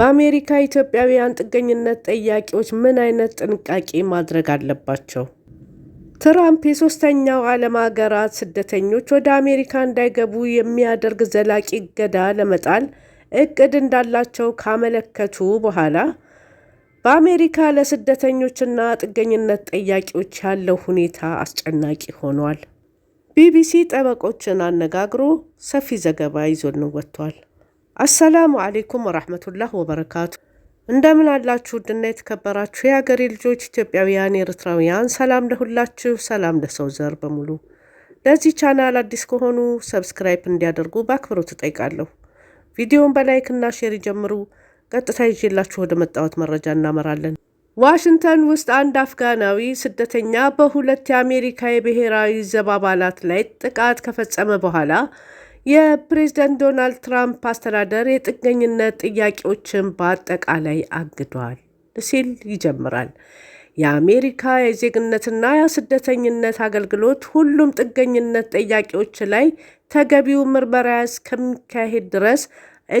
በአሜሪካ ኢትዮጵያውያን ጥገኝነት ጠያቂዎች ምን አይነት ጥንቃቄ ማድረግ አለባቸው? ትራምፕ የሶስተኛው ዓለም ሀገራት ስደተኞች ወደ አሜሪካ እንዳይገቡ የሚያደርግ ዘላቂ እገዳ ለመጣል ዕቅድ እንዳላቸው ካመለከቱ በኋላ በአሜሪካ ለስደተኞችና ጥገኝነት ጠያቂዎች ያለው ሁኔታ አስጨናቂ ሆኗል። ቢቢሲ ጠበቆችን አነጋግሮ ሰፊ ዘገባ ይዞልን ወጥቷል። አሰላሙ አሌይኩም ወራህመቱላህ ወበረካቱ። እንደምን አላችሁ ውድና የተከበራችሁ የሀገሬ ልጆች ኢትዮጵያውያን፣ ኤርትራውያን፣ ሰላም ለሁላችሁ፣ ሰላም ለሰው ዘር በሙሉ። ለዚህ ቻናል አዲስ ከሆኑ ሰብስክራይብ እንዲያደርጉ በአክብሮት ትጠይቃለሁ። ቪዲዮውን በላይክና ሼር ይጀምሩ። ቀጥታ ይዤላችሁ ወደ መጣሁት መረጃ እናመራለን። ዋሽንግተን ውስጥ አንድ አፍጋናዊ ስደተኛ በሁለት የአሜሪካ የብሔራዊ ዘብ አባላት ላይ ጥቃት ከፈጸመ በኋላ የፕሬዝደንት ዶናልድ ትራምፕ አስተዳደር የጥገኝነት ጥያቄዎችን በአጠቃላይ አግዷል ሲል ይጀምራል። የአሜሪካ የዜግነትና የስደተኝነት አገልግሎት ሁሉም ጥገኝነት ጥያቄዎች ላይ ተገቢው ምርመራ እስከሚካሄድ ድረስ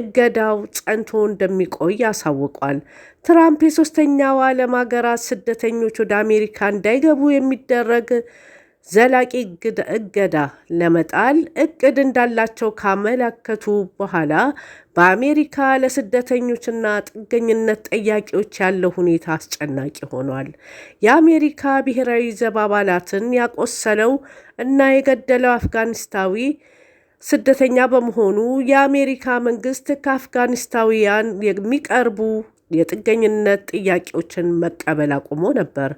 እገዳው ጸንቶ እንደሚቆይ አሳውቋል። ትራምፕ የሶስተኛው ዓለም ሀገራት ስደተኞች ወደ አሜሪካ እንዳይገቡ የሚደረግ ዘላቂ እገዳ ለመጣል እቅድ እንዳላቸው ካመላከቱ በኋላ በአሜሪካ ለስደተኞችና ጥገኝነት ጠያቂዎች ያለው ሁኔታ አስጨናቂ ሆኗል። የአሜሪካ ብሔራዊ ዘብ አባላትን ያቆሰለው እና የገደለው አፍጋኒስታዊ ስደተኛ በመሆኑ የአሜሪካ መንግስት ከአፍጋኒስታውያን የሚቀርቡ የጥገኝነት ጥያቄዎችን መቀበል አቁሞ ነበር።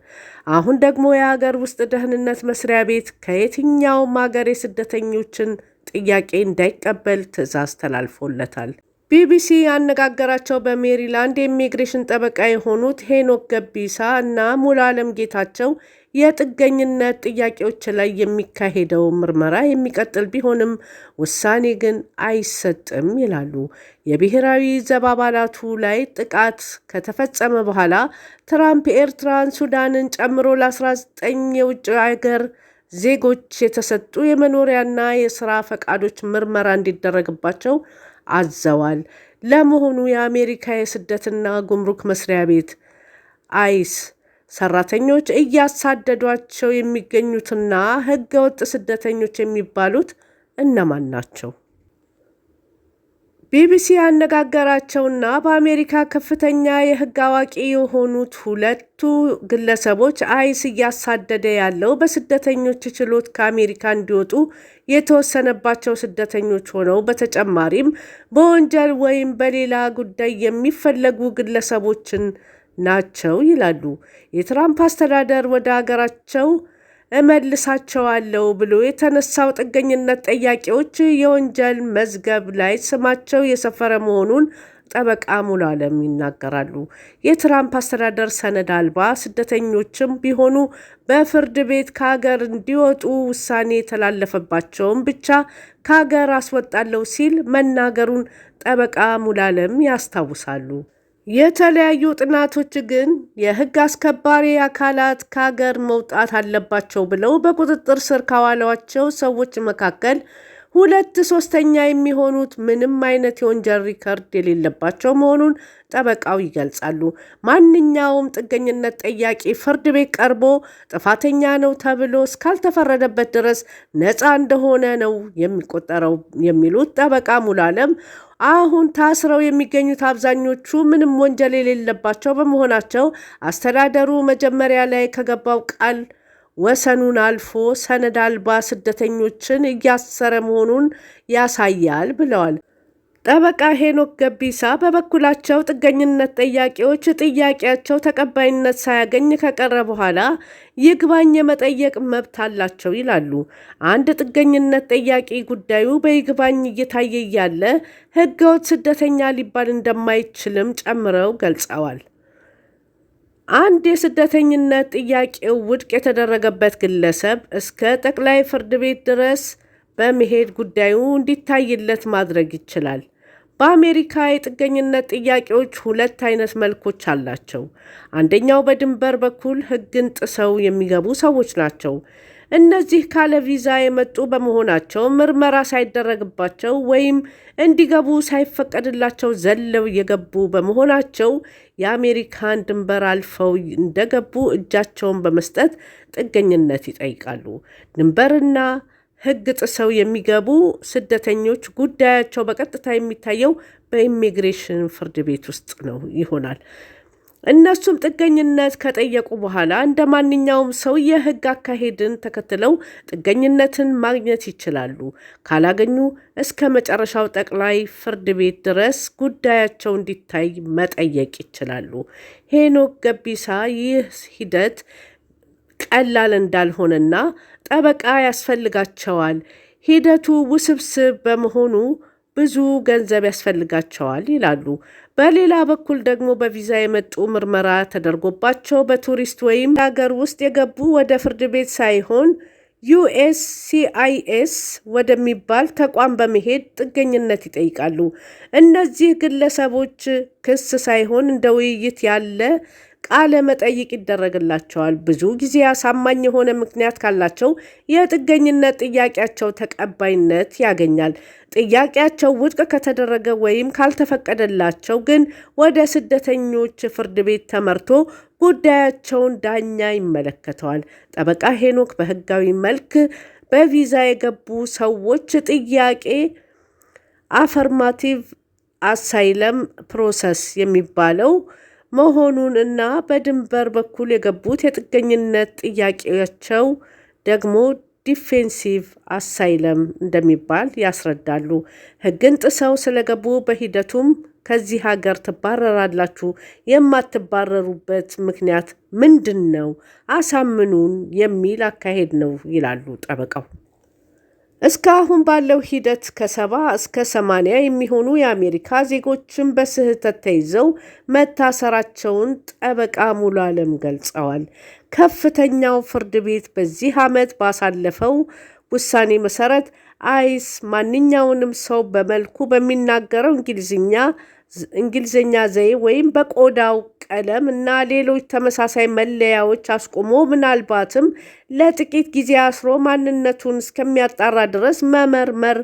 አሁን ደግሞ የሀገር ውስጥ ደህንነት መስሪያ ቤት ከየትኛውም ሀገር የስደተኞችን ጥያቄ እንዳይቀበል ትዕዛዝ ተላልፎለታል። ቢቢሲ ያነጋገራቸው በሜሪላንድ የኢሚግሬሽን ጠበቃ የሆኑት ሄኖክ ገቢሳ እና አለም ጌታቸው የጥገኝነት ጥያቄዎች ላይ የሚካሄደው ምርመራ የሚቀጥል ቢሆንም ውሳኔ ግን አይሰጥም ይላሉ። የብሔራዊ ዘብ አባላቱ ላይ ጥቃት ከተፈጸመ በኋላ ትራምፕ ኤርትራን፣ ሱዳንን ጨምሮ ለ19 የውጭ አገር ዜጎች የተሰጡ የመኖሪያና የስራ ፈቃዶች ምርመራ እንዲደረግባቸው አዘዋል። ለመሆኑ የአሜሪካ የስደትና ጉምሩክ መስሪያ ቤት አይስ ሰራተኞች እያሳደዷቸው የሚገኙትና ህገወጥ ስደተኞች የሚባሉት እነማን ናቸው? ቢቢሲ ያነጋገራቸውና በአሜሪካ ከፍተኛ የሕግ አዋቂ የሆኑት ሁለቱ ግለሰቦች አይስ እያሳደደ ያለው በስደተኞች ችሎት ከአሜሪካ እንዲወጡ የተወሰነባቸው ስደተኞች ሆነው በተጨማሪም በወንጀል ወይም በሌላ ጉዳይ የሚፈለጉ ግለሰቦችን ናቸው ይላሉ። የትራምፕ አስተዳደር ወደ አገራቸው እመልሳቸዋለሁ ብሎ የተነሳው ጥገኝነት ጠያቂዎች የወንጀል መዝገብ ላይ ስማቸው የሰፈረ መሆኑን ጠበቃ ሙሉ አለም ይናገራሉ። የትራምፕ አስተዳደር ሰነድ አልባ ስደተኞችም ቢሆኑ በፍርድ ቤት ከሀገር እንዲወጡ ውሳኔ የተላለፈባቸውን ብቻ ከሀገር አስወጣለሁ ሲል መናገሩን ጠበቃ ሙሉ አለም ያስታውሳሉ። የተለያዩ ጥናቶች ግን የህግ አስከባሪ አካላት ከሀገር መውጣት አለባቸው ብለው በቁጥጥር ስር ካዋሏቸው ሰዎች መካከል ሁለት ሶስተኛ የሚሆኑት ምንም አይነት የወንጀል ሪከርድ የሌለባቸው መሆኑን ጠበቃው ይገልጻሉ። ማንኛውም ጥገኝነት ጠያቂ ፍርድ ቤት ቀርቦ ጥፋተኛ ነው ተብሎ እስካልተፈረደበት ድረስ ነፃ እንደሆነ ነው የሚቆጠረው የሚሉት ጠበቃ አለም አሁን ታስረው የሚገኙት አብዛኞቹ ምንም ወንጀል የሌለባቸው በመሆናቸው አስተዳደሩ መጀመሪያ ላይ ከገባው ቃል ወሰኑን አልፎ ሰነድ አልባ ስደተኞችን እያሰረ መሆኑን ያሳያል ብለዋል። ጠበቃ ሄኖክ ገቢሳ በበኩላቸው ጥገኝነት ጠያቂዎች ጥያቄያቸው ተቀባይነት ሳያገኝ ከቀረ በኋላ ይግባኝ የመጠየቅ መብት አላቸው ይላሉ። አንድ ጥገኝነት ጠያቂ ጉዳዩ በይግባኝ እየታየ እያለ ሕገወጥ ስደተኛ ሊባል እንደማይችልም ጨምረው ገልጸዋል። አንድ የስደተኝነት ጥያቄው ውድቅ የተደረገበት ግለሰብ እስከ ጠቅላይ ፍርድ ቤት ድረስ በመሄድ ጉዳዩ እንዲታይለት ማድረግ ይችላል። በአሜሪካ የጥገኝነት ጥያቄዎች ሁለት አይነት መልኮች አላቸው። አንደኛው በድንበር በኩል ሕግን ጥሰው የሚገቡ ሰዎች ናቸው። እነዚህ ካለ ቪዛ የመጡ በመሆናቸው ምርመራ ሳይደረግባቸው ወይም እንዲገቡ ሳይፈቀድላቸው ዘለው የገቡ በመሆናቸው የአሜሪካን ድንበር አልፈው እንደገቡ እጃቸውን በመስጠት ጥገኝነት ይጠይቃሉ። ድንበርና ሕግ ጥሰው የሚገቡ ስደተኞች ጉዳያቸው በቀጥታ የሚታየው በኢሚግሬሽን ፍርድ ቤት ውስጥ ነው ይሆናል። እነሱም ጥገኝነት ከጠየቁ በኋላ እንደ ማንኛውም ሰው የህግ አካሄድን ተከትለው ጥገኝነትን ማግኘት ይችላሉ። ካላገኙ እስከ መጨረሻው ጠቅላይ ፍርድ ቤት ድረስ ጉዳያቸው እንዲታይ መጠየቅ ይችላሉ። ሄኖክ ገቢሳ ይህ ሂደት ቀላል እንዳልሆነና ጠበቃ ያስፈልጋቸዋል፣ ሂደቱ ውስብስብ በመሆኑ ብዙ ገንዘብ ያስፈልጋቸዋል ይላሉ። በሌላ በኩል ደግሞ በቪዛ የመጡ ምርመራ ተደርጎባቸው በቱሪስት ወይም ሀገር ውስጥ የገቡ ወደ ፍርድ ቤት ሳይሆን ዩኤስሲአይኤስ ወደሚባል ተቋም በመሄድ ጥገኝነት ይጠይቃሉ። እነዚህ ግለሰቦች ክስ ሳይሆን እንደ ውይይት ያለ ቃለ መጠይቅ ይደረግላቸዋል። ብዙ ጊዜ አሳማኝ የሆነ ምክንያት ካላቸው የጥገኝነት ጥያቄያቸው ተቀባይነት ያገኛል። ጥያቄያቸው ውድቅ ከተደረገ ወይም ካልተፈቀደላቸው ግን ወደ ስደተኞች ፍርድ ቤት ተመርቶ ጉዳያቸውን ዳኛ ይመለከተዋል። ጠበቃ ሄኖክ በሕጋዊ መልክ በቪዛ የገቡ ሰዎች ጥያቄ አፈርማቲቭ አሳይለም ፕሮሰስ የሚባለው መሆኑን እና በድንበር በኩል የገቡት የጥገኝነት ጥያቄያቸው ደግሞ ዲፌንሲቭ አሳይለም እንደሚባል ያስረዳሉ። ሕግን ጥሰው ስለገቡ በሂደቱም ከዚህ ሀገር ትባረራላችሁ፣ የማትባረሩበት ምክንያት ምንድን ነው? አሳምኑን የሚል አካሄድ ነው ይላሉ ጠበቃው። እስካሁን ባለው ሂደት ከሰባ እስከ ሰማንያ የሚሆኑ የአሜሪካ ዜጎችን በስህተት ተይዘው መታሰራቸውን ጠበቃ ሙሉ ዓለም ገልጸዋል። ከፍተኛው ፍርድ ቤት በዚህ ዓመት ባሳለፈው ውሳኔ መሰረት አይስ ማንኛውንም ሰው በመልኩ በሚናገረው እንግሊዝኛ እንግሊዝኛ ዘዬ ወይም በቆዳው ቀለም እና ሌሎች ተመሳሳይ መለያዎች አስቆሞ ምናልባትም ለጥቂት ጊዜ አስሮ ማንነቱን እስከሚያጣራ ድረስ መመርመር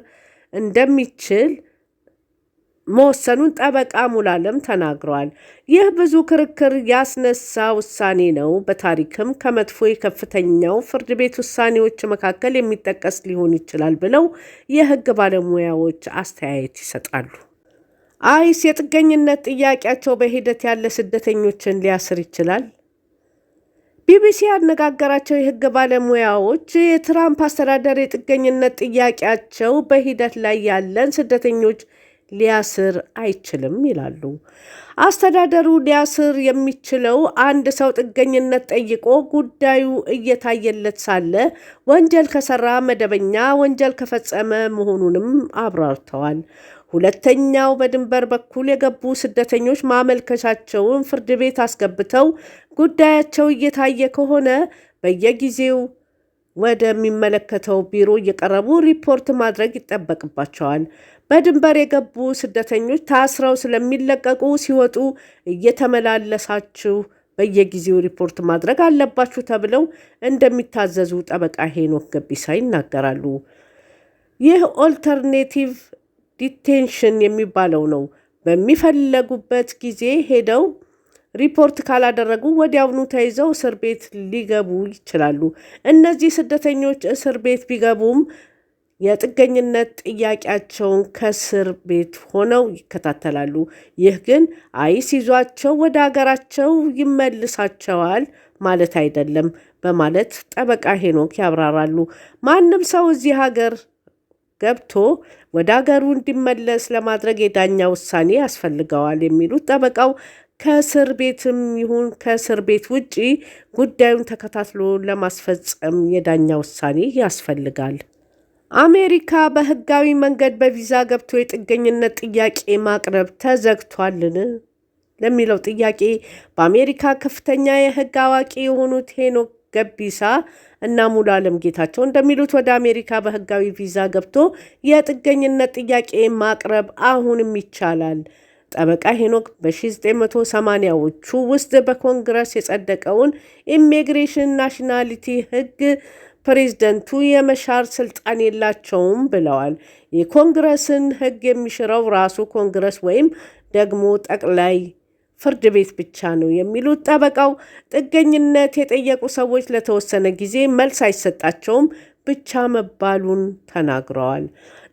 እንደሚችል መወሰኑን ጠበቃ ሙላለም ተናግረዋል። ይህ ብዙ ክርክር ያስነሳ ውሳኔ ነው። በታሪክም ከመጥፎ የከፍተኛው ፍርድ ቤት ውሳኔዎች መካከል የሚጠቀስ ሊሆን ይችላል ብለው የሕግ ባለሙያዎች አስተያየት ይሰጣሉ። አይስ የጥገኝነት ጥያቄያቸው በሂደት ያለ ስደተኞችን ሊያስር ይችላል። ቢቢሲ ያነጋገራቸው የህግ ባለሙያዎች የትራምፕ አስተዳደር የጥገኝነት ጥያቄያቸው በሂደት ላይ ያለን ስደተኞች ሊያስር አይችልም ይላሉ። አስተዳደሩ ሊያስር የሚችለው አንድ ሰው ጥገኝነት ጠይቆ ጉዳዩ እየታየለት ሳለ ወንጀል ከሰራ መደበኛ ወንጀል ከፈጸመ መሆኑንም አብራርተዋል። ሁለተኛው በድንበር በኩል የገቡ ስደተኞች ማመልከቻቸውን ፍርድ ቤት አስገብተው ጉዳያቸው እየታየ ከሆነ በየጊዜው ወደሚመለከተው ቢሮ እየቀረቡ ሪፖርት ማድረግ ይጠበቅባቸዋል። በድንበር የገቡ ስደተኞች ታስረው ስለሚለቀቁ ሲወጡ እየተመላለሳችሁ በየጊዜው ሪፖርት ማድረግ አለባችሁ ተብለው እንደሚታዘዙ ጠበቃ ሄኖክ ገቢሳ ይናገራሉ። ይህ ኦልተርኔቲቭ ዲቴንሽን የሚባለው ነው። በሚፈለጉበት ጊዜ ሄደው ሪፖርት ካላደረጉ ወዲያውኑ ተይዘው እስር ቤት ሊገቡ ይችላሉ። እነዚህ ስደተኞች እስር ቤት ቢገቡም የጥገኝነት ጥያቄያቸውን ከእስር ቤት ሆነው ይከታተላሉ። ይህ ግን አይስ ይዟቸው ወደ አገራቸው ይመልሳቸዋል ማለት አይደለም በማለት ጠበቃ ሄኖክ ያብራራሉ። ማንም ሰው እዚህ ሀገር ገብቶ ወደ አገሩ እንዲመለስ ለማድረግ የዳኛ ውሳኔ ያስፈልገዋል የሚሉት ጠበቃው ከእስር ቤትም ይሁን ከእስር ቤት ውጪ ጉዳዩን ተከታትሎ ለማስፈጸም የዳኛ ውሳኔ ያስፈልጋል። አሜሪካ በህጋዊ መንገድ በቪዛ ገብቶ የጥገኝነት ጥያቄ ማቅረብ ተዘግቷልን? ለሚለው ጥያቄ በአሜሪካ ከፍተኛ የህግ አዋቂ የሆኑት ሄኖክ ገቢሳ እና አለም ጌታቸው እንደሚሉት ወደ አሜሪካ በህጋዊ ቪዛ ገብቶ የጥገኝነት ጥያቄ ማቅረብ አሁንም ይቻላል። ጠበቃ ሄኖክ በ1980ዎቹ ውስጥ በኮንግረስ የጸደቀውን ኢሚግሬሽን ናሽናሊቲ ህግ ፕሬዝደንቱ የመሻር ስልጣን የላቸውም ብለዋል። የኮንግረስን ህግ የሚሽረው ራሱ ኮንግረስ ወይም ደግሞ ጠቅላይ ፍርድ ቤት ብቻ ነው የሚሉት ጠበቃው፣ ጥገኝነት የጠየቁ ሰዎች ለተወሰነ ጊዜ መልስ አይሰጣቸውም ብቻ መባሉን ተናግረዋል።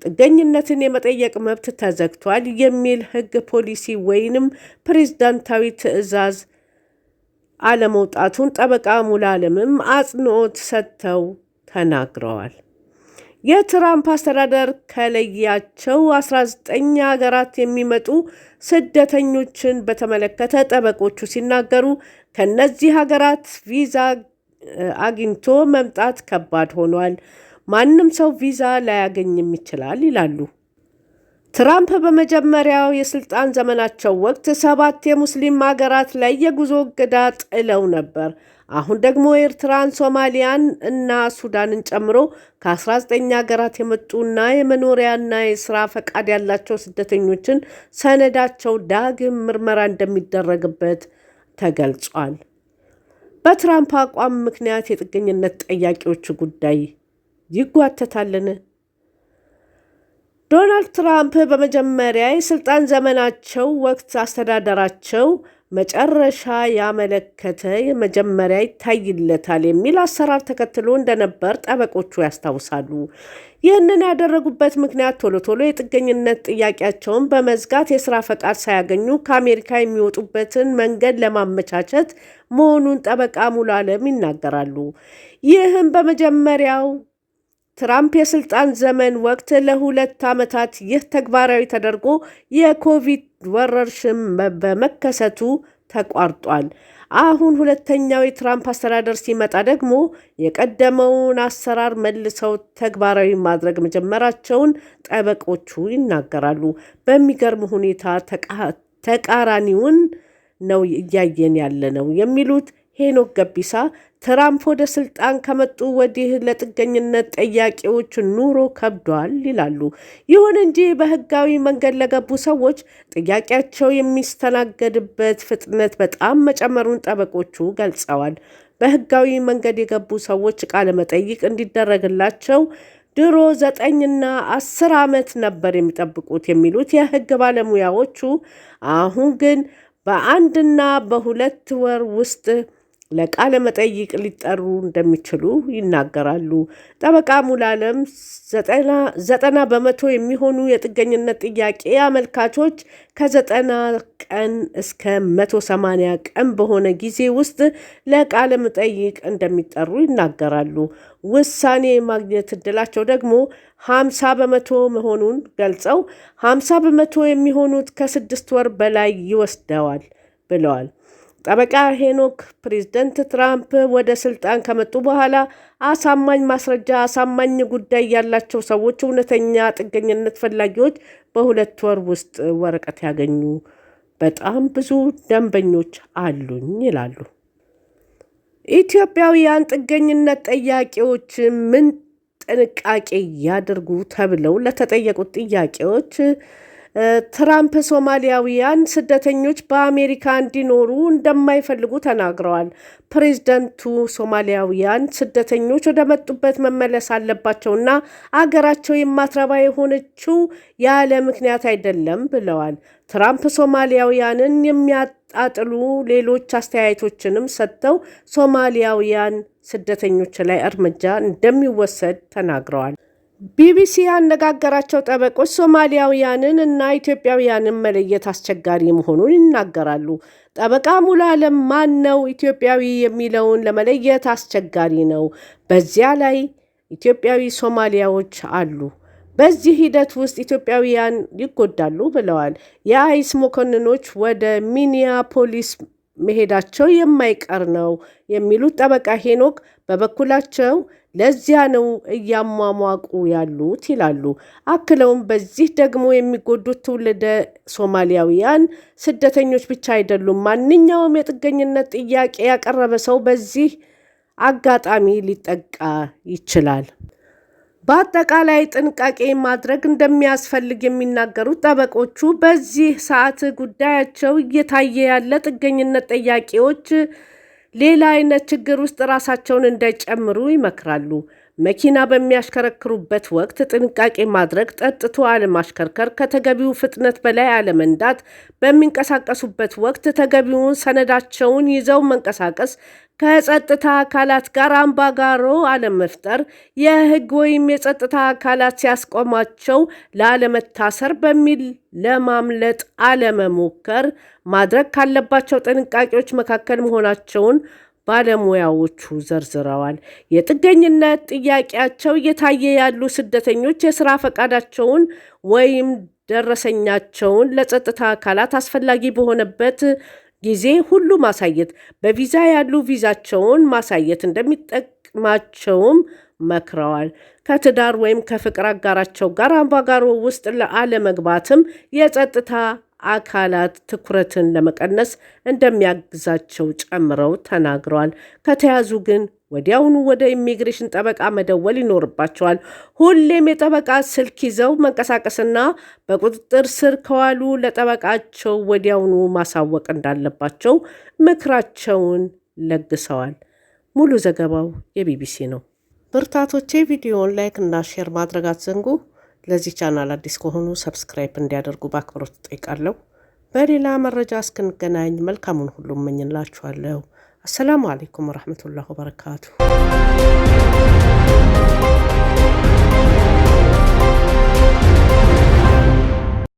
ጥገኝነትን የመጠየቅ መብት ተዘግቷል የሚል ህግ ፖሊሲ ወይንም ፕሬዝዳንታዊ ትዕዛዝ አለመውጣቱን ጠበቃ ሙሉዓለምም አጽንኦት ሰጥተው ተናግረዋል። የትራምፕ አስተዳደር ከለያቸው 19 ሀገራት የሚመጡ ስደተኞችን በተመለከተ ጠበቆቹ ሲናገሩ ከነዚህ ሀገራት ቪዛ አግኝቶ መምጣት ከባድ ሆኗል። ማንም ሰው ቪዛ ላያገኝም ይችላል ይላሉ። ትራምፕ በመጀመሪያው የስልጣን ዘመናቸው ወቅት ሰባት የሙስሊም ሀገራት ላይ የጉዞ እገዳ ጥለው ነበር። አሁን ደግሞ ኤርትራን፣ ሶማሊያን እና ሱዳንን ጨምሮ ከ19 ሀገራት የመጡና የመኖሪያና የስራ ፈቃድ ያላቸው ስደተኞችን ሰነዳቸው ዳግም ምርመራ እንደሚደረግበት ተገልጿል። በትራምፕ አቋም ምክንያት የጥገኝነት ጠያቂዎች ጉዳይ ይጓተታልን? ዶናልድ ትራምፕ በመጀመሪያ የሥልጣን ዘመናቸው ወቅት አስተዳደራቸው መጨረሻ ያመለከተ መጀመሪያ ይታይለታል የሚል አሰራር ተከትሎ እንደነበር ጠበቆቹ ያስታውሳሉ። ይህንን ያደረጉበት ምክንያት ቶሎ ቶሎ የጥገኝነት ጥያቄያቸውን በመዝጋት የሥራ ፈቃድ ሳያገኙ ከአሜሪካ የሚወጡበትን መንገድ ለማመቻቸት መሆኑን ጠበቃ ሙሉ አለም ይናገራሉ። ይህም በመጀመሪያው ትራምፕ የስልጣን ዘመን ወቅት ለሁለት ዓመታት ይህ ተግባራዊ ተደርጎ የኮቪድ ወረርሽም በመከሰቱ ተቋርጧል። አሁን ሁለተኛው የትራምፕ አስተዳደር ሲመጣ ደግሞ የቀደመውን አሰራር መልሰው ተግባራዊ ማድረግ መጀመራቸውን ጠበቆቹ ይናገራሉ። በሚገርም ሁኔታ ተቃራኒውን ነው እያየን ያለ ነው የሚሉት ሄኖክ ገቢሳ ትራምፕ ወደ ስልጣን ከመጡ ወዲህ ለጥገኝነት ጠያቂዎች ኑሮ ከብዷል ይላሉ። ይሁን እንጂ በህጋዊ መንገድ ለገቡ ሰዎች ጥያቄያቸው የሚስተናገድበት ፍጥነት በጣም መጨመሩን ጠበቆቹ ገልጸዋል። በህጋዊ መንገድ የገቡ ሰዎች ቃለ መጠይቅ እንዲደረግላቸው ድሮ ዘጠኝና አስር ዓመት ነበር የሚጠብቁት የሚሉት የህግ ባለሙያዎቹ አሁን ግን በአንድና በሁለት ወር ውስጥ ለቃለ መጠይቅ ሊጠሩ እንደሚችሉ ይናገራሉ። ጠበቃ ሙላለም ዘጠና በመቶ የሚሆኑ የጥገኝነት ጥያቄ አመልካቾች ከዘጠና ቀን እስከ መቶ ሰማንያ ቀን በሆነ ጊዜ ውስጥ ለቃለ መጠይቅ እንደሚጠሩ ይናገራሉ። ውሳኔ ማግኘት እድላቸው ደግሞ ሀምሳ በመቶ መሆኑን ገልጸው ሀምሳ በመቶ የሚሆኑት ከስድስት ወር በላይ ይወስደዋል ብለዋል። ጠበቃ ሄኖክ ፕሬዝደንት ትራምፕ ወደ ስልጣን ከመጡ በኋላ አሳማኝ ማስረጃ፣ አሳማኝ ጉዳይ ያላቸው ሰዎች፣ እውነተኛ ጥገኝነት ፈላጊዎች በሁለት ወር ውስጥ ወረቀት ያገኙ በጣም ብዙ ደንበኞች አሉኝ ይላሉ። ኢትዮጵያውያን ጥገኝነት ጠያቂዎች ምን ጥንቃቄ ያድርጉ ተብለው ለተጠየቁት ጥያቄዎች ትራምፕ ሶማሊያውያን ስደተኞች በአሜሪካ እንዲኖሩ እንደማይፈልጉ ተናግረዋል። ፕሬዚደንቱ ሶማሊያውያን ስደተኞች ወደ መጡበት መመለስ አለባቸውና አገራቸው የማትረባ የሆነችው ያለ ምክንያት አይደለም ብለዋል። ትራምፕ ሶማሊያውያንን የሚያጣጥሉ ሌሎች አስተያየቶችንም ሰጥተው ሶማሊያውያን ስደተኞች ላይ እርምጃ እንደሚወሰድ ተናግረዋል። ቢቢሲ ያነጋገራቸው ጠበቆች ሶማሊያውያንን እና ኢትዮጵያውያንን መለየት አስቸጋሪ መሆኑን ይናገራሉ። ጠበቃ ሙሉ አለም ማን ነው ኢትዮጵያዊ የሚለውን ለመለየት አስቸጋሪ ነው። በዚያ ላይ ኢትዮጵያዊ ሶማሊያዎች አሉ። በዚህ ሂደት ውስጥ ኢትዮጵያውያን ይጎዳሉ ብለዋል። የአይስ መኮንኖች ወደ ሚኒያፖሊስ መሄዳቸው የማይቀር ነው የሚሉት ጠበቃ ሄኖክ በበኩላቸው ለዚያ ነው እያሟሟቁ ያሉት ይላሉ። አክለውም በዚህ ደግሞ የሚጎዱት ትውልደ ሶማሊያውያን ስደተኞች ብቻ አይደሉም። ማንኛውም የጥገኝነት ጥያቄ ያቀረበ ሰው በዚህ አጋጣሚ ሊጠቃ ይችላል። በአጠቃላይ ጥንቃቄ ማድረግ እንደሚያስፈልግ የሚናገሩት ጠበቆቹ በዚህ ሰዓት ጉዳያቸው እየታየ ያለ ጥገኝነት ጥያቄዎች ሌላ አይነት ችግር ውስጥ ራሳቸውን እንዳይጨምሩ ይመክራሉ። መኪና በሚያሽከረክሩበት ወቅት ጥንቃቄ ማድረግ፣ ጠጥቶ አለማሽከርከር፣ ከተገቢው ፍጥነት በላይ አለመንዳት፣ በሚንቀሳቀሱበት ወቅት ተገቢውን ሰነዳቸውን ይዘው መንቀሳቀስ፣ ከጸጥታ አካላት ጋር አምባጓሮ አለመፍጠር፣ የሕግ ወይም የጸጥታ አካላት ሲያስቆማቸው ላለመታሰር በሚል ለማምለጥ አለመሞከር ማድረግ ካለባቸው ጥንቃቄዎች መካከል መሆናቸውን ባለሙያዎቹ ዘርዝረዋል። የጥገኝነት ጥያቄያቸው እየታየ ያሉ ስደተኞች የስራ ፈቃዳቸውን ወይም ደረሰኛቸውን ለጸጥታ አካላት አስፈላጊ በሆነበት ጊዜ ሁሉ ማሳየት፣ በቪዛ ያሉ ቪዛቸውን ማሳየት እንደሚጠቅማቸውም መክረዋል። ከትዳር ወይም ከፍቅር አጋራቸው ጋር አምባጓሮ ውስጥ ለአለመግባትም የጸጥታ አካላት ትኩረትን ለመቀነስ እንደሚያግዛቸው ጨምረው ተናግረዋል። ከተያዙ ግን ወዲያውኑ ወደ ኢሚግሬሽን ጠበቃ መደወል ይኖርባቸዋል። ሁሌም የጠበቃ ስልክ ይዘው መንቀሳቀስና በቁጥጥር ስር ከዋሉ ለጠበቃቸው ወዲያውኑ ማሳወቅ እንዳለባቸው ምክራቸውን ለግሰዋል። ሙሉ ዘገባው የቢቢሲ ነው። ብርታቶቼ ቪዲዮውን ላይክ እና ሼር ማድረግ አትዘንጉ። ለዚህ ቻናል አዲስ ከሆኑ ሰብስክራይብ እንዲያደርጉ በአክብሮት እጠይቃለሁ። በሌላ መረጃ እስክንገናኝ መልካሙን ሁሉ እመኝላችኋለሁ። አሰላሙ አሌይኩም ወረሕመቱላህ ወበረካቱ።